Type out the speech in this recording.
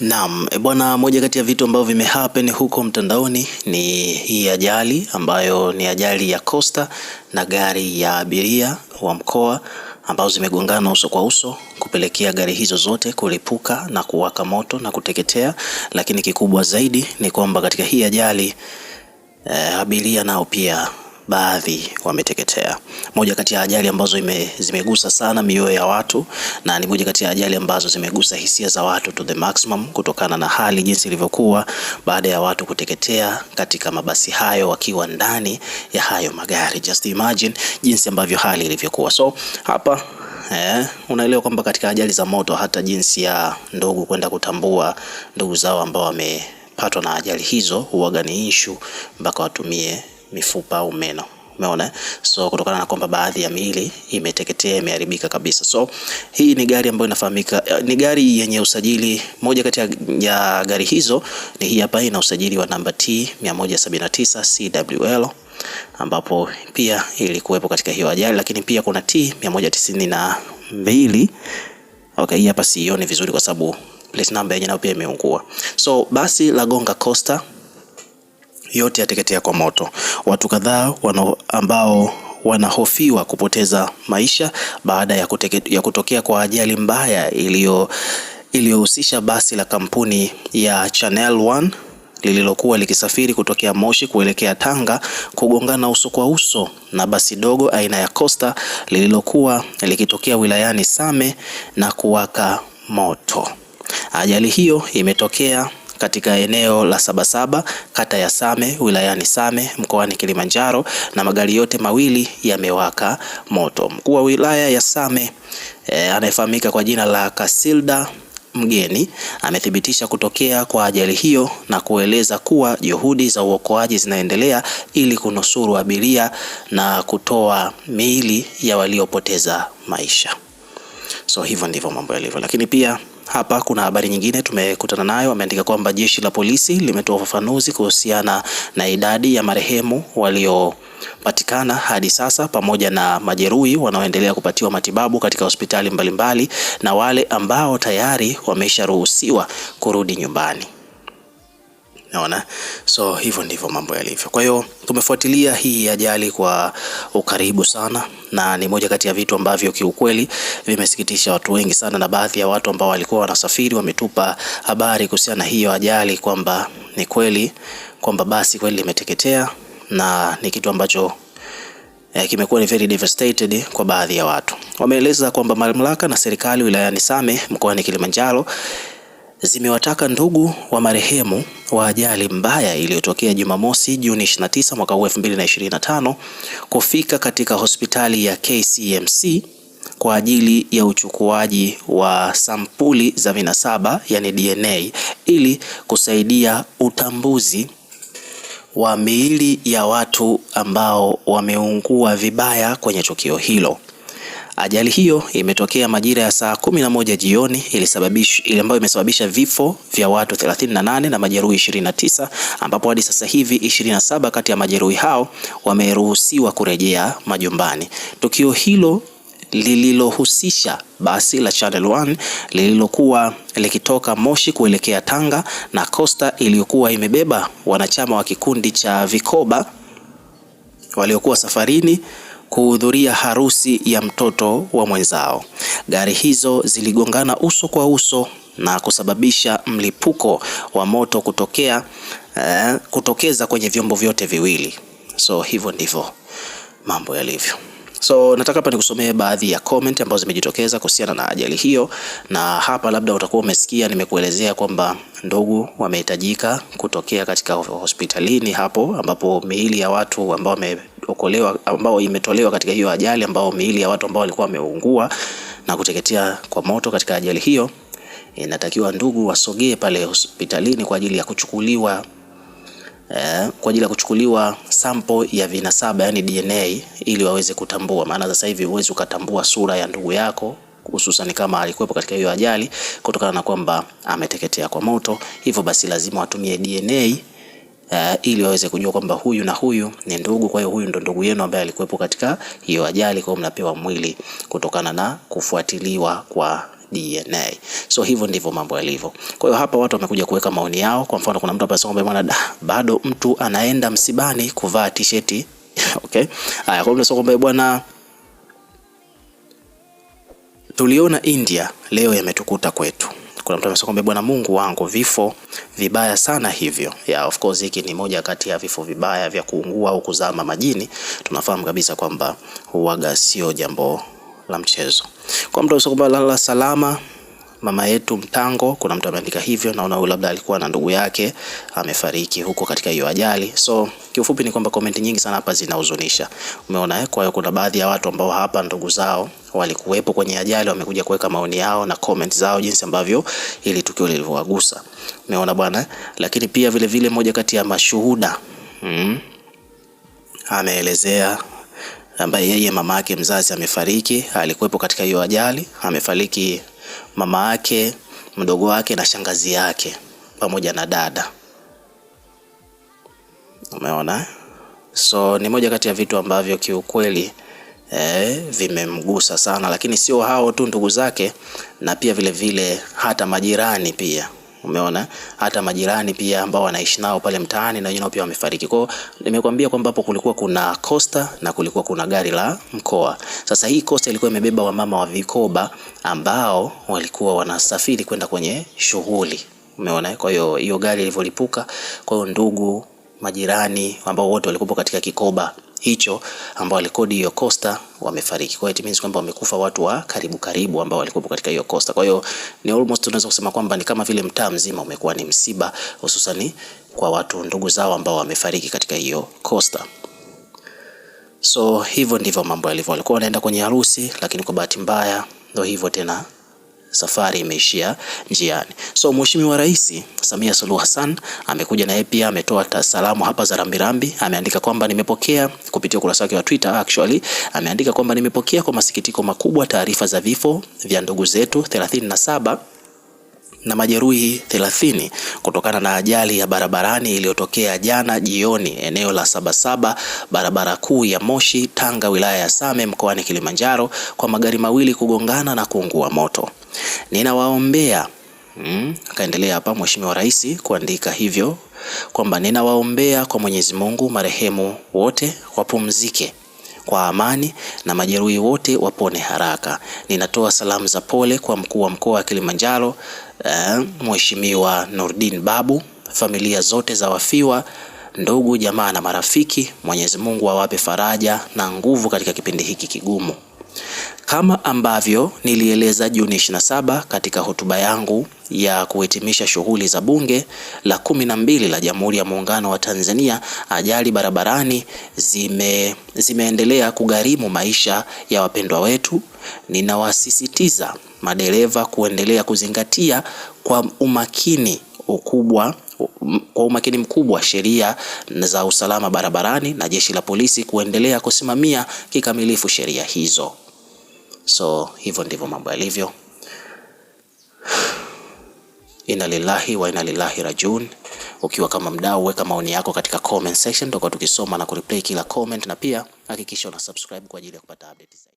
Naam, e bwana, moja kati ya vitu ambavyo vimehappen huko mtandaoni ni hii ajali ambayo ni ajali ya Costa na gari ya abiria wa mkoa ambazo zimegongana uso kwa uso kupelekea gari hizo zote kulipuka na kuwaka moto na kuteketea, lakini kikubwa zaidi ni kwamba katika hii ajali eh, abiria nao pia baadhi wameteketea. Moja kati ya ajali ambazo ime, zimegusa sana mioyo ya watu na ni moja kati ya ajali ambazo zimegusa hisia za watu to the maximum, kutokana na hali jinsi ilivyokuwa baada ya watu kuteketea katika mabasi hayo wakiwa ndani ya hayo magari. Just imagine jinsi ambavyo hali ilivyokuwa. So hapa Eh, unaelewa kwamba katika ajali za moto hata jinsi ya ndugu kwenda kutambua ndugu zao ambao wamepatwa na ajali hizo huwaga ni issue mpaka watumie mifupa au meno. Umeona, so kutokana na kwamba baadhi ya miili imeteketea imeharibika kabisa. So hii ni gari ambayo inafahamika, eh, ni gari yenye usajili, moja kati ya gari hizo ni hii hapa, ina usajili wa namba T 179 CWL ambapo pia ilikuwepo katika hiyo ajali, lakini pia kuna T 192. Okay, hii hapa siioni vizuri kwa sababu plate number yenyewe nayo pia imeungua. So basi la gonga Costa yote yateketea kwa moto. Watu kadhaa ambao wanahofiwa kupoteza maisha baada ya, kuteke, ya kutokea kwa ajali mbaya iliyo iliyohusisha basi la kampuni ya Channel One lililokuwa likisafiri kutokea Moshi kuelekea Tanga kugongana uso kwa uso na basi dogo aina ya Costa lililokuwa likitokea wilayani Same na kuwaka moto. Ajali hiyo imetokea katika eneo la Sabasaba kata ya Same wilayani Same mkoani Kilimanjaro na magari yote mawili yamewaka moto. Mkuu wa wilaya ya Same e, anayefahamika kwa jina la Kasilda Mgeni amethibitisha kutokea kwa ajali hiyo na kueleza kuwa juhudi za uokoaji zinaendelea ili kunusuru abiria na kutoa miili ya waliopoteza maisha. So hivyo ndivyo mambo yalivyo, lakini pia hapa kuna habari nyingine tumekutana nayo, ameandika kwamba jeshi la polisi limetoa ufafanuzi kuhusiana na idadi ya marehemu waliopatikana hadi sasa pamoja na majeruhi wanaoendelea kupatiwa matibabu katika hospitali mbalimbali na wale ambao tayari wamesharuhusiwa kurudi nyumbani. Naona, so hivyo ndivyo mambo yalivyo. Kwa hiyo tumefuatilia hii ajali kwa ukaribu sana, na ni moja kati ya vitu ambavyo kiukweli vimesikitisha watu wengi sana, na baadhi ya watu ambao walikuwa wanasafiri wametupa habari kuhusiana na hiyo ajali kwamba ni kweli kwamba basi kweli limeteketea na ni kitu ambacho eh, kimekuwa ni very devastated kwa baadhi ya watu. Wameeleza kwamba mamlaka na serikali wilayani Same mkoani Kilimanjaro zimewataka ndugu wa marehemu wa ajali mbaya iliyotokea Jumamosi Juni 29 mwaka 2025 kufika katika hospitali ya KCMC kwa ajili ya uchukuaji wa sampuli za vinasaba yani DNA ili kusaidia utambuzi wa miili ya watu ambao wameungua vibaya kwenye tukio hilo. Ajali hiyo imetokea majira ya saa kumi na moja jioni ambayo imesababisha vifo vya watu 38 na majeruhi 29, ambapo hadi sasa hivi 27 kati ya majeruhi hao wameruhusiwa kurejea majumbani. Tukio hilo lililohusisha basi la Channel One lililokuwa likitoka Moshi kuelekea Tanga na kosta iliyokuwa imebeba wanachama wa kikundi cha vikoba waliokuwa safarini kuhudhuria harusi ya mtoto wa mwenzao. Gari hizo ziligongana uso kwa uso na kusababisha mlipuko wa moto kutokea, eh, kutokeza kwenye vyombo vyote viwili. So hivyo ndivyo mambo yalivyo. So nataka hapa nikusomee baadhi ya comment ambazo zimejitokeza kuhusiana na ajali hiyo, na hapa labda utakuwa umesikia nimekuelezea kwamba ndugu wamehitajika kutokea katika hospitalini hapo ambapo miili ya watu ambao wame imeokolewa ambao imetolewa katika hiyo ajali, ambao miili ya watu ambao walikuwa wameungua na kuteketea kwa moto katika ajali hiyo, inatakiwa ndugu wasogee pale hospitalini kwa ajili ya kuchukuliwa eh, kwa ajili ya kuchukuliwa sample ya vinasaba, yani DNA, ili waweze kutambua. Maana sasa hivi huwezi ukatambua sura ya ndugu yako hususan kama alikuwepo katika hiyo ajali, kutokana na kwamba ameteketea kwa moto. Hivyo basi lazima watumie DNA uh, ili waweze kujua kwamba huyu na huyu ni ndugu, kwa hiyo huyu ndo ndugu yenu ambaye alikuwepo katika hiyo ajali, kwa hiyo mnapewa mwili kutokana na kufuatiliwa kwa DNA. So hivyo ndivyo mambo yalivyo. Kwa hiyo hapa watu wamekuja kuweka maoni yao. Kwa mfano kuna mtu hapa anasema bwana, bado mtu anaenda msibani kuvaa t-shirt. Okay? Haya, kwa mtu kwamba bwana tuliona India leo yametukuta kwetu. Kuna mtu amesema kwamba bwana Mungu wangu, vifo vibaya sana hivyo. Yeah, of course hiki ni moja kati ya vifo vibaya vya kuungua au kuzama majini. Tunafahamu kabisa kwamba huaga sio jambo la mchezo. Kwa mtu amesema kwamba lala salama mama yetu Mtango, kuna mtu ameandika hivyo. Naona huyu labda alikuwa na ndugu yake amefariki huko katika hiyo ajali. So kiufupi ni kwamba komenti nyingi sana hapa zinahuzunisha, umeona eh. Kwa hiyo kuna baadhi ya watu ambao hapa ndugu zao walikuwepo kwenye ajali, wamekuja kuweka maoni yao na comment zao jinsi ambavyo ili tukio lilivyowagusa, umeona bwana. Eh? Lakini pia vile vile moja kati ya mashuhuda mm, ameelezea ambaye yeye mama yake mzazi amefariki, alikuwepo katika hiyo ajali, amefariki mama yake, mdogo wake na shangazi yake pamoja na dada. Umeona? So ni moja kati ya vitu ambavyo kiukweli eh, vimemgusa sana, lakini sio hao tu ndugu zake, na pia vile vile hata majirani pia. Umeona hata majirani pia ambao wanaishi nao pale mtaani na wengine pia wamefariki. Kwa nimekwambia kwamba hapo kulikuwa kuna costa na kulikuwa kuna gari la mkoa. Sasa hii costa ilikuwa imebeba wamama wa vikoba ambao walikuwa wanasafiri kwenda kwenye shughuli. Umeona, kwa hiyo hiyo gari ilivyolipuka, kwa hiyo ndugu, majirani ambao wote walikuwa katika kikoba hicho ambao alikodi hiyo costa wamefariki. Kwa hiyo it means kwamba wamekufa watu wa karibu karibu ambao walikuwa katika hiyo costa. Kwa hiyo ni almost tunaweza kusema kwamba ni kama vile mtaa mzima umekuwa ni msiba, hususani kwa watu ndugu zao ambao wamefariki katika hiyo costa. So hivyo ndivyo mambo yalivyo. Walikuwa wanaenda kwenye harusi, lakini kwa bahati mbaya ndio hivyo tena safari imeishia njiani. So Mheshimiwa Rais Samia Suluhu Hassan amekuja naye pia ametoa salamu hapa za rambirambi. Ameandika kwamba nimepokea kupitia ukurasa wake wa Twitter actually, ameandika kwamba nimepokea kwa masikitiko makubwa taarifa za vifo vya ndugu zetu 37 na majeruhi 30 kutokana na ajali ya barabarani iliyotokea jana jioni eneo la Sabasaba, barabara kuu ya Moshi Tanga, wilaya ya Same mkoani Kilimanjaro, kwa magari mawili kugongana na kuungua moto. Ninawaombea mm, akaendelea hapa Mheshimiwa Rais kuandika hivyo kwamba ninawaombea kwa Mwenyezi Mungu marehemu wote wapumzike kwa amani na majeruhi wote wapone haraka. Ninatoa salamu za pole kwa mkuu wa mkoa wa Kilimanjaro uh, Mheshimiwa Nurdin Babu, familia zote za wafiwa, ndugu jamaa na marafiki. Mwenyezi Mungu awape faraja na nguvu katika kipindi hiki kigumu. Kama ambavyo nilieleza Juni 27 katika hotuba yangu ya kuhitimisha shughuli za Bunge la kumi na mbili la Jamhuri ya Muungano wa Tanzania, ajali barabarani zime, zimeendelea kugharimu maisha ya wapendwa wetu. Ninawasisitiza madereva kuendelea kuzingatia kwa umakini ukubwa kwa umakini mkubwa sheria za usalama barabarani na jeshi la polisi kuendelea kusimamia kikamilifu sheria hizo. So hivyo ndivyo mambo yalivyo. Inna lillahi wa inna lillahi rajiun. Ukiwa kama mdau, weka maoni yako katika comment section, tutakuwa tukisoma na kureplay kila comment, na pia hakikisha una subscribe kwa ajili ya kupata update zaidi.